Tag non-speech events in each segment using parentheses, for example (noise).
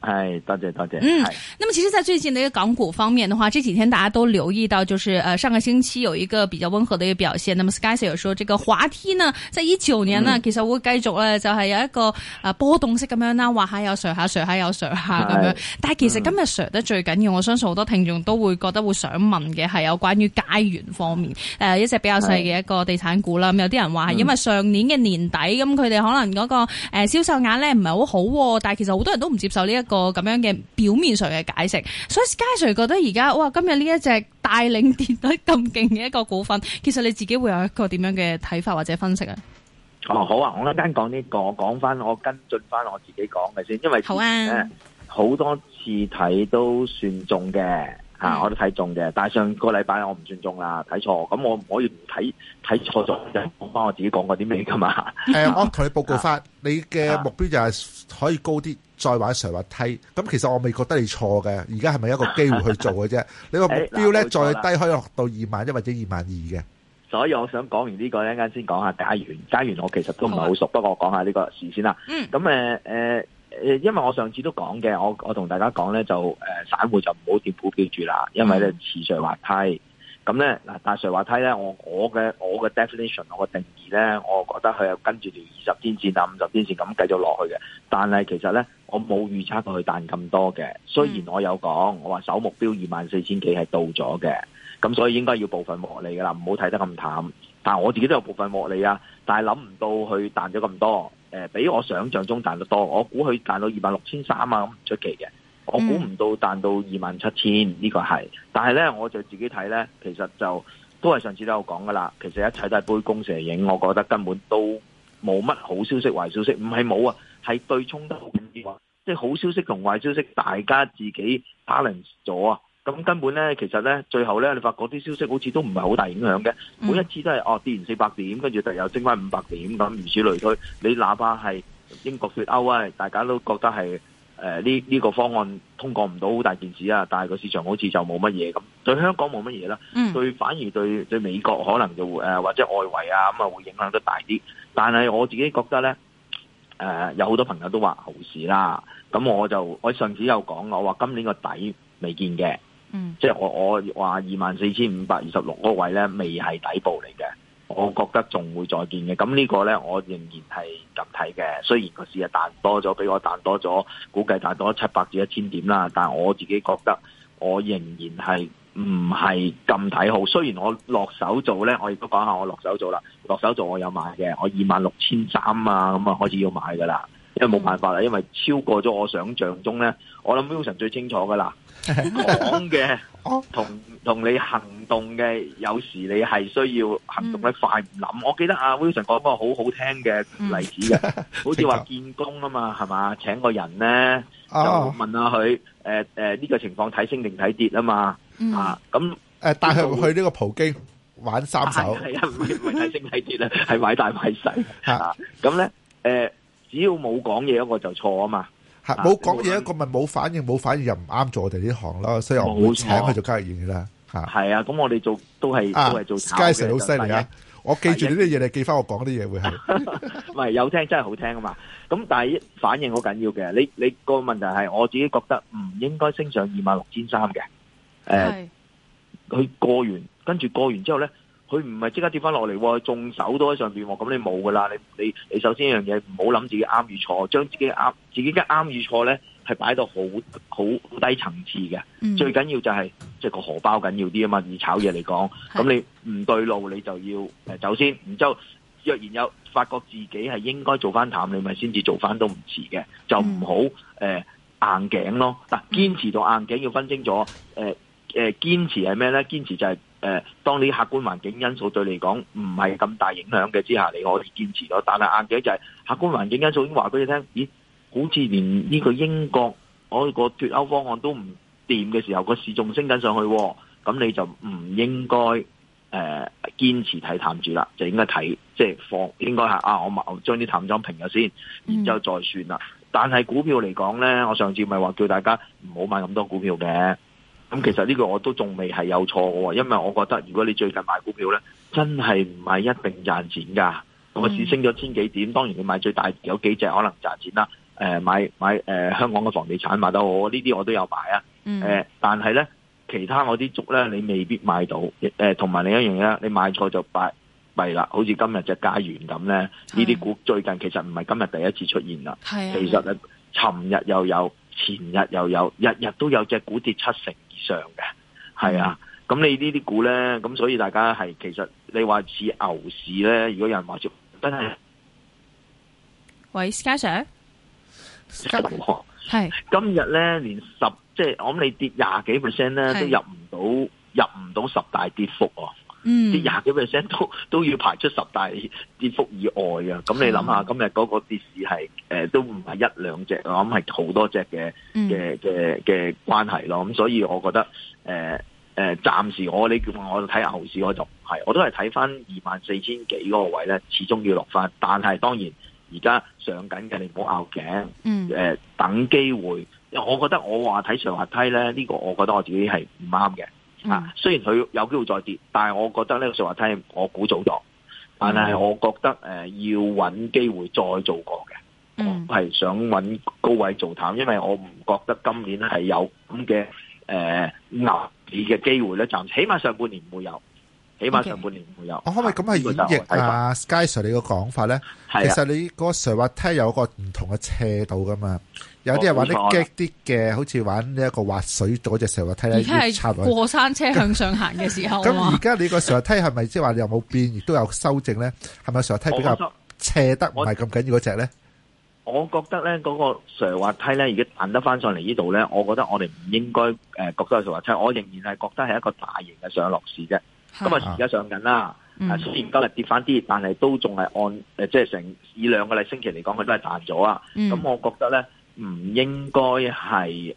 係，多謝多謝，謝，謝。嗯，那麼其實在最近嘅一個港股方面的話，這幾天大家都留意到，就是，誒、呃，上個星期有一個比較溫和的一個表現。那麼 s k y s h a r 個華天呢，即係19年呢、嗯、其實會繼續咧，就係有一個波動式咁樣啦，話下有 s 下 s 下又 s 下咁樣。但係其實今日 s 得最緊要、嗯，我相信好多聽眾都會覺得會想問嘅，係有關於佳源方面，誒、呃，一隻比較細嘅一個地產股啦。咁有啲人話係因為上年嘅年底咁，佢、嗯、哋、嗯、可能嗰、那個、呃、銷售額咧唔係好好、啊、喎，但其實好多人都唔接受呢一。一個咁樣嘅表面上嘅解釋，所以佳瑞 Sir 覺得而家哇，今日呢一隻帶領跌到咁勁嘅一個股份，其實你自己會有一個點樣嘅睇法或者分析啊？哦，好啊，我一陣間講呢個，我講翻我跟進翻我自己講嘅先，因為好啊，好多次睇都算中嘅啊，我都睇中嘅，但係上個禮拜我唔算中啦，睇錯，咁我唔可以唔睇睇錯咗就講、是、翻我自己講過啲咩噶嘛？誒 (laughs) 、啊，我、啊、同、啊、你報告翻，你嘅目標就係可以高啲。再玩水滑梯，咁其實我未覺得你錯嘅，而家係咪一個機會去做嘅啫？ (laughs) 你個目標咧再低可以落到二萬一或者二萬二嘅。 (laughs) (laughs) (laughs) (laughs) (laughs) 所以我想講完呢、這個咧，啱先講下佳源，佳源我其實都唔係好熟、哦，不過我講下呢個事先啦。咁誒誒誒，因為我上次都講嘅，我我同大家講咧就誒，散戶就唔好貼股票住啦，因為咧持續滑梯。咁咧嗱，大石話睇咧，我我嘅我嘅 definition，我嘅定義咧，我覺得佢係跟住條二十天線啊，五十天線咁繼續落去嘅。但係其實咧，我冇預測到佢彈咁多嘅。雖然我有講，我話首目標二萬四千幾係到咗嘅，咁所以應該要部分獲利㗎啦，唔好睇得咁淡。但我自己都有部分獲利啊，但係諗唔到佢彈咗咁多、呃，比我想象中彈得多。我估佢彈到二萬六千三啊，咁唔出奇嘅。我估唔到彈到二萬七千呢個係，但係咧我就自己睇咧，其實就都係上次都有講噶啦。其實一切都係杯弓蛇影，我覺得根本都冇乜好消息、壞消息，唔係冇啊，係對沖得好緊要，即係好消息同壞消息，大家自己打 a a e 咗啊。咁根本咧，其實咧，最後咧，你發覺啲消息好似都唔係好大影響嘅。Mm. 每一次都係哦跌完四百點，跟住就又升翻五百點咁，如此類推。你哪怕係英國脱歐啊，大家都覺得係。誒、呃，呢呢、這個方案通過唔到好大件事啊，但係個市場好似就冇乜嘢，咁對香港冇乜嘢啦，對、嗯、反而對對美國可能就會誒、呃、或者外圍啊咁啊會影響得大啲，但係我自己覺得咧，誒、呃、有好多朋友都話後市啦，咁我就我上次有講，我話今年個底未見嘅、嗯，即係我我話二萬四千五百二十六個位咧未係底部嚟嘅。我覺得仲會再見嘅，咁呢個呢，我仍然係咁睇嘅。雖然個市啊彈多咗，比我彈多咗，估計彈多七百至一千點啦，但我自己覺得我仍然係唔係咁睇好。雖然我落手做呢，我亦都講下我落手做啦。落手做我有買嘅，我二萬六千三啊，咁啊開始要買噶啦。冇辦法啦，因為超過咗我想象中咧，我諗 Wilson 最清楚噶啦，講 (laughs) 嘅同同你行動嘅，有時你係需要行動咧、嗯、快唔諗。我記得阿、啊、Wilson 講個好好聽嘅例子嘅，好似話見工啊嘛，係、嗯、嘛、嗯嗯，請個人咧就問下佢，誒誒呢個情況睇升定睇跌啊嘛，咁誒帶佢去呢個葡京玩三手，係啊，唔係睇升睇跌 (laughs) 啊，係買大買細吓，咁咧誒。嗯只要冇講嘢一個就錯啊嘛，係冇講嘢一個咪冇反應，冇反應又唔啱做我哋呢行咯，所以我唔會請佢做交易員嘅啦，吓係啊，咁我哋做都係都係做交易嘅，好犀利啊！我記住呢啲嘢，你記翻我講嗰啲嘢會係，唔係有聽真係好聽啊嘛！咁但係反應好緊要嘅，你你個問題係我自己覺得唔應該升上二萬六千三嘅，誒，佢過完跟住過完之後咧。佢唔係即刻跌翻落嚟喎，仲手都喺上面喎，咁你冇噶啦，你你你首先一樣嘢唔好諗自己啱與錯，將自己啱自己嘅啱與錯咧係擺到好好低層次嘅。嗯、最緊要就係即係個荷包緊要啲啊嘛，以炒嘢嚟講，咁你唔對路你就要先走先，然之後若然有發覺自己係應該做翻淡，你咪先至做翻都唔遲嘅，就唔好誒硬頸咯。嗱、嗯，堅持到硬頸要分清楚。誒、呃呃、堅持係咩咧？堅持就係、是。誒、呃，當你客觀環境因素對嚟講唔係咁大影響嘅之下，你可以堅持咗。但係硬嘅就係客觀環境因素，已經話俾你聽，咦，好似連呢個英國我個脫歐方案都唔掂嘅時候，個市仲升緊上去，哦，咁你就唔應該誒堅持睇淡住啦，就應該睇即係放，應該係啊，我咪將啲淡倉平咗先，然之後再算啦，嗯。但係股票嚟講咧，我上次咪話叫大家唔好買咁多股票嘅。咁、嗯嗯、其實呢個我都仲未係有錯喎、哦，因為我覺得如果你最近買股票呢，真係唔係一定賺錢㗎。咁個市升咗千幾點，當然你買最大有幾隻可能賺錢啦、呃。買,買、呃、香港嘅房地產買到我呢啲我都有買啊。嗯呃、但係呢，其他我啲竹呢，你未必買到。同、呃、埋另一樣嘢，你買錯就敗敗啦。好似今日隻佳源咁呢，呢啲股最近其實唔係今日第一次出現啦。其實啊，尋日又有，前日又有，日日都有隻股跌七成。上嘅係啊，咁你呢啲股咧，咁所以大家係其實你話似牛市咧，如果有人話做，真係。喂，士佳 Sir，士佳 Sir 係今日咧，連十即係我諗你跌廿幾 percent 咧，都入唔到，入唔到十大跌幅。啲廿幾 percent 都都要排出十大跌幅以外啊！咁你諗下、嗯，今日嗰個跌市係誒都唔係一兩隻，我諗係好多隻嘅嘅嘅嘅關係咯。咁所以我覺得誒誒，暫、呃呃、時我你叫我睇下牛市，我就唔係，我都係睇翻二萬四千幾嗰個位咧，始終要落翻。但係當然而家上緊嘅，你唔好拗頸。嗯，誒、呃、等機會，我覺得我話睇上滑梯咧，呢、這個我覺得我自己係唔啱嘅。啊、嗯，雖然佢有機會再跌，但係我覺得呢個說話聽，我估早咗，但係我覺得誒、呃，要揾機會再做過嘅、嗯，我係想揾高位做淡，因為我唔覺得今年咧係有咁嘅誒逆市嘅機會咧，暫時起碼上半年唔會有。起碼上半年唔會有，我可唔可以咁去演繹啊嘛？Sky Sir，你個講法咧，其實你個水滑梯有個唔同嘅斜度噶嘛，哦、有啲人玩啲激啲嘅、哦，好似玩一個滑水嗰隻水滑梯咧。即係過山車向上行嘅時候。咁而家你個水滑梯係咪即係話你有冇變，亦都有修正咧？係咪水滑梯比較斜得唔係咁緊要嗰隻咧？我覺得咧，嗰個水滑梯咧，而家彈得翻上嚟呢度咧，我覺得我哋唔應該誒覺得係水滑梯，我仍然係覺得係一個大型嘅上落市啫。咁日而家上緊啦，雖然今日跌翻啲，但係都仲係按即係成以兩個禮星期嚟講，佢都係彈咗啊。咁、嗯、我覺得咧，唔應該係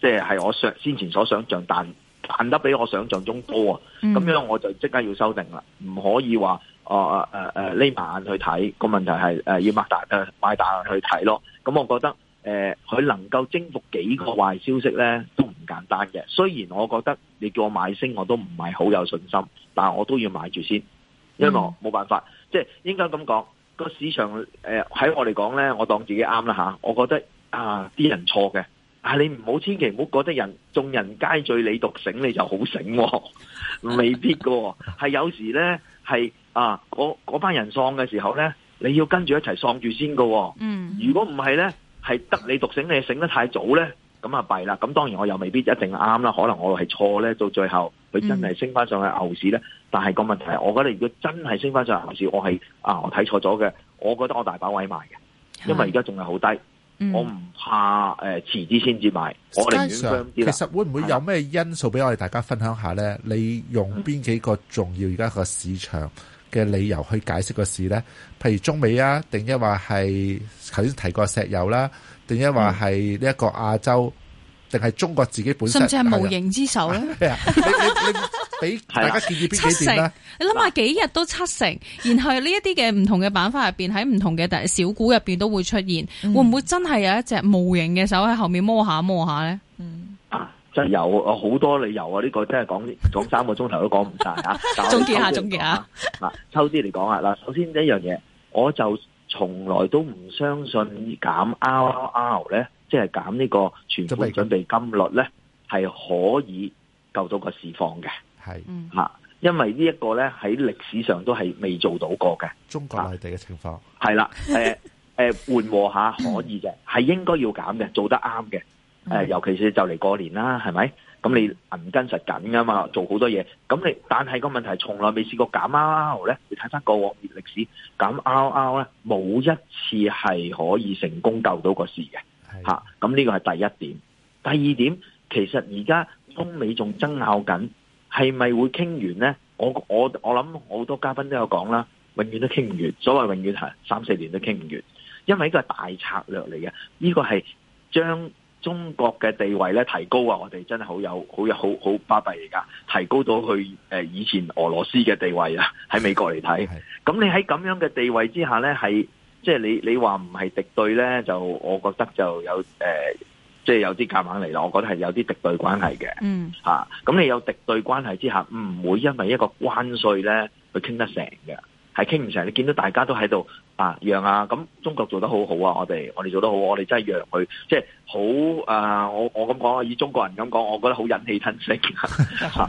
即係係我想先前所想象，但彈，彈得比我想象中多啊。咁樣我就即刻要修定啦，唔可以話誒誒誒誒呢晚去睇個問題係要大、呃、買大眼大去睇咯。咁我覺得。誒、呃，佢能夠征服幾個壞消息咧，都唔簡單嘅。雖然我覺得你叫我買升，我都唔係好有信心，但係我都要買住先，因為冇辦法。即係應該咁講，個市場誒，喺、呃、我嚟講咧，我當自己啱啦吓。我覺得啊，啲人錯嘅，啊你唔好千祈唔好覺得人眾人皆醉你獨醒，你就好醒、喎，未必噶、喎。係 (laughs) 有時咧，係啊，嗰嗰班人喪嘅時候咧，你要跟住一齊喪住先噶、喎。嗯，如果唔係咧，係得你獨醒，你醒得太早咧，咁啊弊啦！咁當然我又未必一定啱啦，可能我係錯咧，到最後佢真係升翻上去牛市咧、嗯。但係個問題我覺得如果真係升翻上去牛市，我係啊我睇錯咗嘅，我覺得我大把位賣嘅，因為而家仲係好低，嗯、我唔怕誒遲啲先至買，Sky、我寧願雙跌。Sir, 其實會唔會有咩因素俾我哋大家分享下咧、嗯？你用邊幾個重要而家個市場？嘅理由去解釋個事咧，譬如中美啊，定一話係頭先提過石油啦，定一話係呢一個亞洲，定係中國自己本身，甚至係無形之手咧。俾大家建議邊幾成咧？你諗下幾日都七成，然後呢一啲嘅唔同嘅板塊入邊，喺唔同嘅小股入邊都會出現，會唔會真係有一隻無形嘅手喺後面摸下摸下咧？有好多理由啊！呢、這個真係講講三個鐘頭都講唔晒啊！總 (laughs) 結下，總結下嗱，抽啲嚟講下啦。 (laughs) 首先一樣嘢，我就從來都唔相信減 R R 咧，即係減呢個存款準備金率咧，係可以救到個市況嘅。係吓，因為呢一個咧喺歷史上都係未做到過嘅。中國內地嘅情況係啦，誒誒緩和下可以嘅，係應該要減嘅，做得啱嘅。誒、呃，尤其是就嚟過年啦，係咪？咁你銀根實緊噶嘛，做好多嘢。咁你，但係個問題從來未試過減 RRR 咧。你睇翻過往歷史，減 RRR 咧，冇一次係可以成功救到個市嘅。吓，咁、啊、呢個係第一點。第二點，其實而家中美仲爭拗緊，係咪會傾完咧？我我我諗好多嘉賓都有講啦，永遠都傾唔完。所謂永遠係三四年都傾唔完，因為呢個係大策略嚟嘅。呢、這個係將。中國嘅地位咧提高啊！我哋真係好有好有好好巴閉嚟㗎，提高到去誒、呃、以前俄羅斯嘅地位啊！喺美國嚟睇，咁 (laughs) 你喺咁樣嘅地位之下咧，係即係你你話唔係敵對咧，就我覺得就有誒，即、呃、係、就是、有啲夾硬嚟講，我覺得係有啲敵對關係嘅。嗯，吓、啊、咁你有敵對關係之下，唔、嗯、會因為一個關稅咧去傾得成嘅，係傾唔成。你見到大家都喺度。啊，讓啊，咁中國做得好好啊，我哋我哋做得好，我哋真係讓佢，即係好啊！我我咁講啊，以中國人咁講，我覺得好引氣吞聲忍氣吞聲嚇嚇。咁、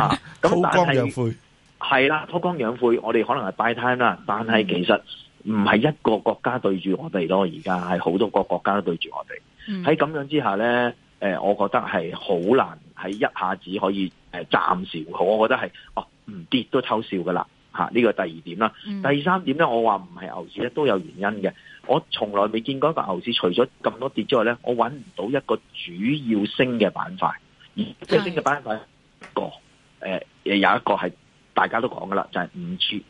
(laughs) 啊啊、但係係啦，韜光養晦，啊、晦，我哋可能係擺攤啦，但係其實唔係一個國家對住我哋咯，而家係好多個國家都對住我哋。喺、嗯、咁樣之下咧，誒、呃，我覺得係好難喺一下子可以誒暫時好，我覺得係哦，唔、啊、跌都偷笑噶啦。吓、這、呢個第二點啦、嗯，第三點咧，我話唔係牛市咧，都有原因嘅。我從來未見過一個牛市，除咗咁多跌之外咧，我揾唔到一個主要升嘅板塊，而即係升嘅板塊個誒、呃，有一個係大家都講噶啦，就係、是、5G，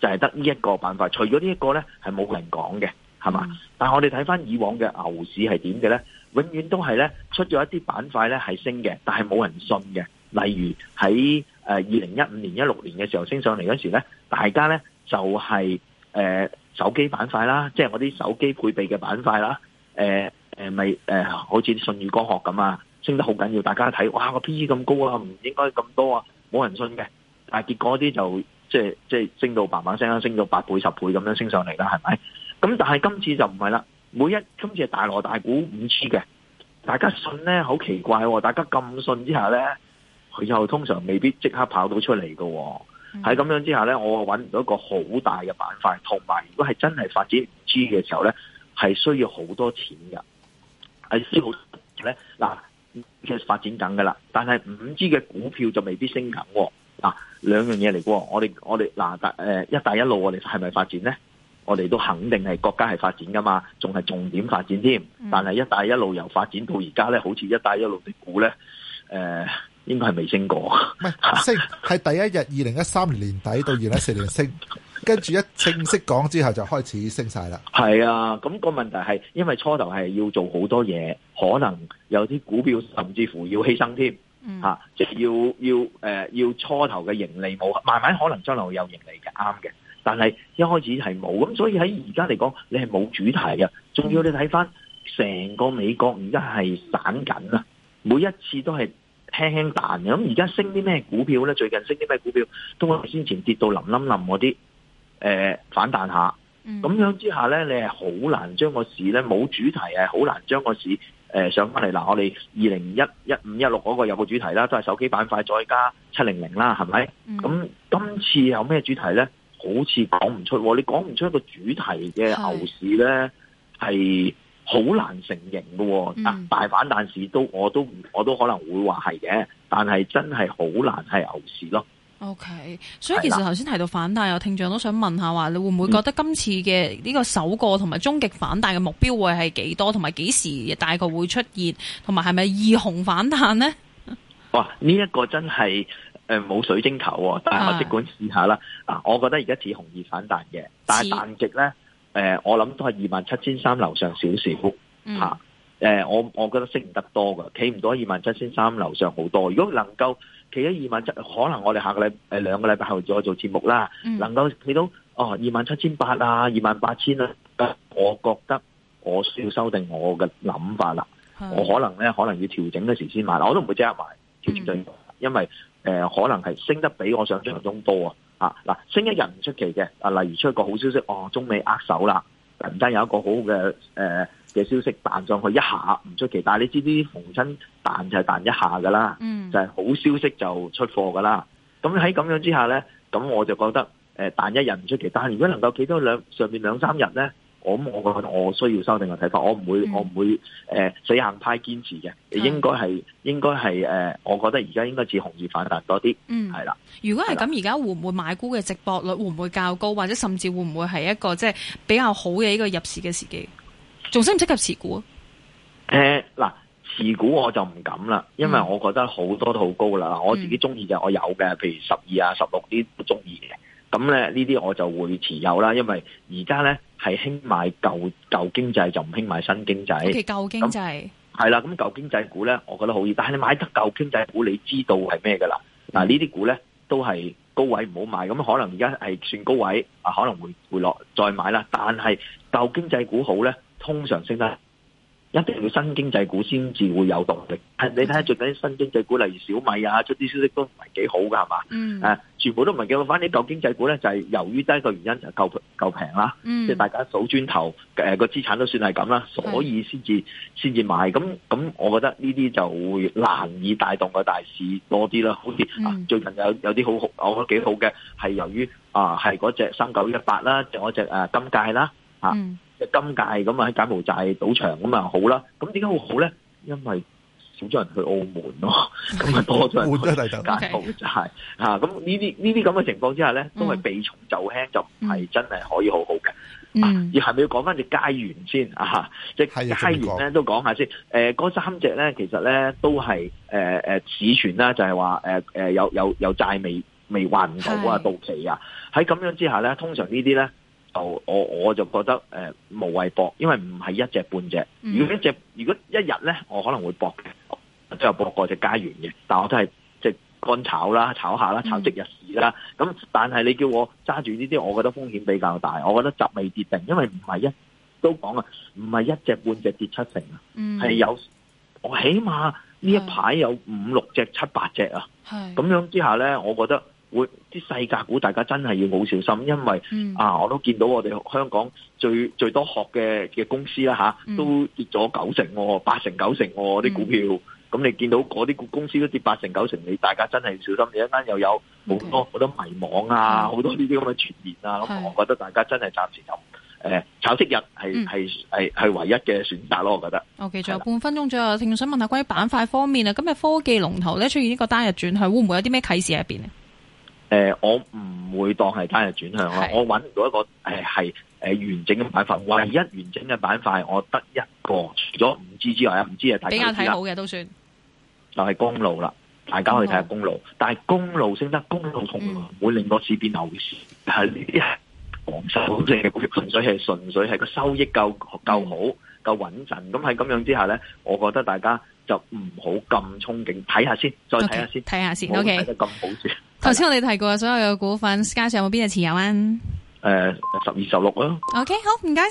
就係得呢一個板塊，除咗呢一個咧，係冇人講嘅，係嘛？但係我哋睇翻以往嘅牛市係點嘅咧，永遠都係咧出咗一啲板塊咧係升嘅，但係冇人信嘅，例如喺。誒二零一五年、一六年嘅時候升上嚟嗰時咧，大家咧就係、是、誒、呃、手機板塊啦，即係我啲手機配備嘅板塊啦，誒咪誒，好似啲舜宇光學咁啊，升得好緊要，大家睇，哇個 P E 咁高啊，唔應該咁多啊，冇人信嘅，但係結果啲就即係即係升到嘭嘭聲啊，升到八倍十倍咁樣升上嚟啦，係咪？咁但係今次就唔係啦，每一今次係大鑼大鼓五 G 嘅，大家信咧好奇怪、哦，大家咁信之下咧。佢又通常未必即刻跑到出嚟噶，喺咁樣之下咧，我揾唔到一個好大嘅板塊，同埋如果係真係發展五 G 嘅時候咧，係需要好多錢噶，係消耗咧。嗱，其實發展緊噶啦，但係五 G 嘅股票就未必升緊、哦。嗱、啊，兩樣嘢嚟噶。我哋我哋嗱，誒、啊，一帶一路我哋係咪發展咧？我哋都肯定係國家係發展噶嘛，仲係重點發展添。但係一帶一路由發展到而家咧，好似一帶一路嘅股咧，誒、呃。應該係未升過是，唔係升係 (laughs) 第一日二零一三年底到二零一四年升，跟 (laughs) 住一正式講之後就開始升晒啦。係啊，咁、嗰個問題係因為初頭係要做好多嘢，可能有啲股票甚至乎要犧牲添，吓即係要要誒要、呃、初頭嘅盈利冇，慢慢可能將來會有盈利嘅，啱嘅。但係一開始係冇，咁所以喺而家嚟講，你係冇主題嘅。仲要你睇翻成個美國而家係散緊啦，每一次都係。輕輕彈咁而家升啲咩股票呢？最近升啲咩股票？都係先前跌到冧冧冧嗰啲，誒、呃、反彈下，咁、嗯、樣之下呢，你係好難將個市呢，冇主題係好難將個市誒、呃、上翻嚟。嗱，我哋二零一一五一六嗰個有個主題啦，都係手機板塊再加七零零啦，係咪？咁、嗯、今次有咩主題呢？好似講唔出、啊，你講唔出一個主題嘅牛市呢，係。好難承認嘅、哦嗯，大反彈市都我都我都可能會話係嘅，但係真係好難係牛市咯。OK，所以其實頭先提到反彈，有聽眾都想問下話，你會唔會覺得今次嘅呢個首個同埋終極反彈嘅目標會係幾多，同埋幾時大概會出現，同埋係咪二紅反彈呢？哇！呢、這、一個真係誒冇水晶球、哦，但係我即管試下啦。啊，我覺得而家似紅二反彈嘅，但係彈極呢？誒、呃，我諗都係二萬七千三樓上少少吓，誒、嗯呃，我我覺得升唔得多噶企唔到二萬七千三樓上好多。如果能夠企咗二萬七，可能我哋下個禮誒兩個禮拜後再做節目啦。嗯、能夠企到哦，二萬七千八啊，二萬八千啊，我我覺得我需要修訂我嘅諗法啦。我可能咧，可能要調整嗰時先買，我都唔會即刻買，調整、嗯、因為誒、呃，可能係升得比我想象中多啊。啊！嗱，升一日唔出奇嘅，啊，例如出一個好消息，哦，中美握手啦，突然間有一個好嘅，誒、呃、嘅消息彈上去一下唔出奇，但係你知啲逢親彈就係彈一下噶啦、嗯，就係、是、好消息就出貨噶啦，咁喺咁樣之下咧，咁我就覺得，誒、呃，彈一日唔出奇，但係如果能夠企多兩上面兩三日咧。我咁，我覺得我需要修正嘅睇法，我唔會，嗯、我唔會，誒、呃，死硬派堅持嘅，應該係，應該係，誒、呃，我覺得而家應該似紅字反彈多啲，嗯，係啦。如果係咁，而家會唔會買股嘅值博率會唔會較高，或者甚至會唔會係一個即係比較好嘅呢個入市嘅時機？仲適唔適合持股啊？誒、呃、嗱，持、呃、股我就唔敢啦，因為我覺得好多都好高啦、嗯。我自己中意嘅，我有嘅，譬如十二啊、十六啲都中意嘅。咁咧呢啲我就會持有啦，因為而家咧係興買舊舊經濟，就唔興買新經濟。即係舊經濟，係啦，咁舊經濟股咧，我覺得好易。但係你買得舊經濟股，你知道係咩噶啦？嗱，呢啲股咧都係高位唔好買。咁可能而家係算高位，啊，可能會回落再買啦。但係舊經濟股好咧，通常升得。一定要新經濟股先至會有動力，你睇下最近啲新經濟股例如小米啊，出啲消息都唔係幾好噶，係嘛？嗯，誒，全部都唔係幾好。反正舊經濟股咧就係由於得一個原因就係夠夠平啦，即、嗯、係大家數磚頭誒個、呃、資產都算係咁啦，所以先至先至買。咁咁，咁我覺得呢啲就會難以帶動個大市多啲啦。好似、嗯啊、最近有有啲好好我覺得幾好嘅係由於啊係嗰隻三九一八啦，就有一隻、啊、金界啦，嚇、啊。嗯即金界咁啊，喺柬埔寨賭場咁啊好啦，咁點解會好咧？因為少咗人去澳門咯，咁啊多咗人去柬埔寨。吓，咁呢啲呢啲咁嘅情況之下咧，都係避重就輕，mm. 就唔係真係可以好好嘅。而係咪要講翻隻佳源先啊？即佳源咧都講下先。誒、呃，嗰三隻咧，其實咧都係誒誒市傳啦，呃、就係話誒誒有有有債未未還唔到啊到期啊。喺咁樣之下咧，通常呢啲咧。我我就覺得誒、呃、無謂搏，因為唔係一隻半隻。如果一隻，如果一日咧，我可能會搏嘅，都有搏過隻嘉園嘅。但我都係即係乾炒啦、炒下啦、炒即日市啦。咁、嗯、但係你叫我揸住呢啲，我覺得風險比較大。我覺得集未跌定，因為唔係一都講啊，唔係一隻半隻跌七成啊，係、嗯、有我起碼呢一排有五六隻、七八隻啊。咁樣之下咧，我覺得。會啲世界股，大家真係要冇小心，因為、嗯、啊，我都見到我哋香港最最多學嘅嘅公司啦，吓、啊、都跌咗九成、哦，八成九成啲、哦、股票。咁、嗯嗯、你見到嗰啲公司都跌八成九成，你大家真係小心。你一家又有好多好、okay, 多，多迷茫啊，好多呢啲咁嘅傳言啊，我覺得大家真係暫時咁誒、呃、炒息日係係係係唯一嘅選擇咯、啊。我覺得 OK，仲有半分鐘左右，仲想問下關於板塊方面啊，今日科技龍頭咧出現呢個單日轉去會唔會有啲咩啟示喺邊誒、呃，我唔會當係單日轉向咯，我搵唔到一個誒係誒完整嘅板塊，唯一完整嘅板塊我得一個，除咗唔知之外，唔知係大家比較睇好嘅都算，就係公路啦，大家可以睇、就是、下公路，但係公路升得，公路同唔會令個市變牛市，但係呢啲係防守性嘅股票，純粹係純粹係個收益夠夠好，夠穩陣。咁喺咁樣之下咧，我覺得大家就唔好咁憧憬，睇下先，再睇下先，睇、okay，下先，O，K，咁 (laughs) 好頭先我哋提過所有嘅股份，加上有冇邊隻持有啊？誒、呃，十二十六咯，啊。OK，好，唔該。